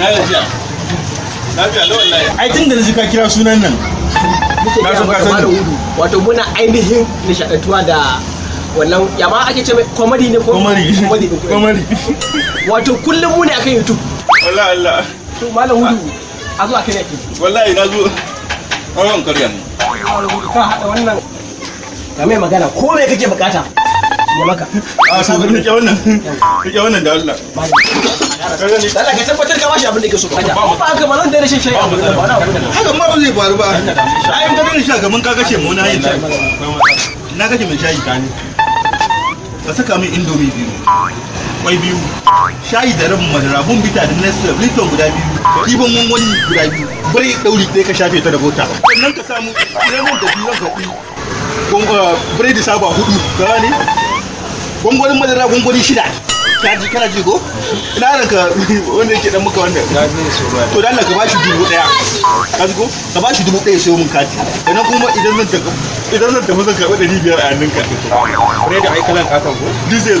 na gajiya lafiya lawan layi ai tun da na ji ka kira sunan nan na so ka san wato muna ainihin nishadantuwa da wannan ya ake ce mai comedy ne ko comedy comedy wato kullum mu ne akan youtube wallahi Allah to malam hudu ah. a zo akai yake wallahi na zo wannan karya ne ka hada wannan ka mai magana ko me kake bukata ya maka a ah, sabon rike wannan rike wannan da Allah Allah ka tabbatar ka bashi abin da yake so ba haka ba zan daina shan shayi haka ma ba zai faru ba ai in ka daina sha kaman ka kashe mu na yin shayi na kashe mai shayi ka ne ka saka min indomi biyu kwai biyu shayi da rabin madara bun bita da nestle lifton guda biyu kifin wangwani guda biyu bari dauri ɗaya ka shafe ta da bota sannan ka samu lemon da biyu ka kuɗi eh, biredi saba hudu ka ne gwangwanin madara gwangwani shida kaji kana ji ko ina da ka wanda yake dan muka wannan na so ba to dan ka bashi dubu daya ka ji ko ka bashi dubu daya sai mun kaji sannan kuma idan zan tafi idan zan tafi zan karbi 500 a hannunka ne da ai kalan kasan ko diesel